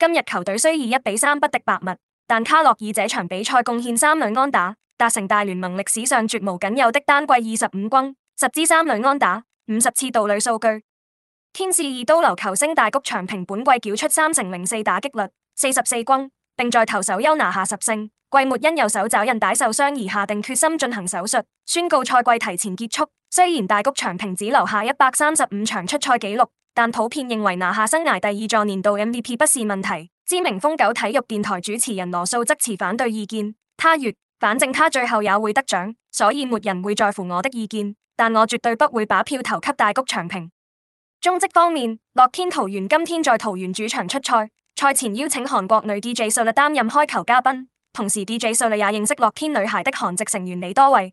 今日球隊雖以一比三不敵白襪，但卡洛爾這場比賽貢獻三壘安打，達成大聯盟歷史上絕無僅有的單季二十五轟、十支三壘安打、五十次盜壘數據。天使二刀流球星大谷長平本季繳出三成零四打擊率，四十四轟，並在投手丘拿下十勝，季末因右手肘韌帶受傷而下定決心進行手術，宣告賽季提前結束。雖然大谷翔平只留下一百三十五場出賽紀錄，但普遍認為拿下生涯第二座年度 MVP 不是問題。知名瘋狗體育電台主持人羅素則持反對意見。他說：反正他最後也會得獎，所以沒人會在乎我的意見。但我絕對不會把票投給大谷翔平。中職方面，樂天桃猿今天在桃園主場出賽，賽前邀請韓國女 DJ SODA 擔任開球嘉賓，同時 DJ SODA 也認識樂天女孩的韓籍成員李多慧。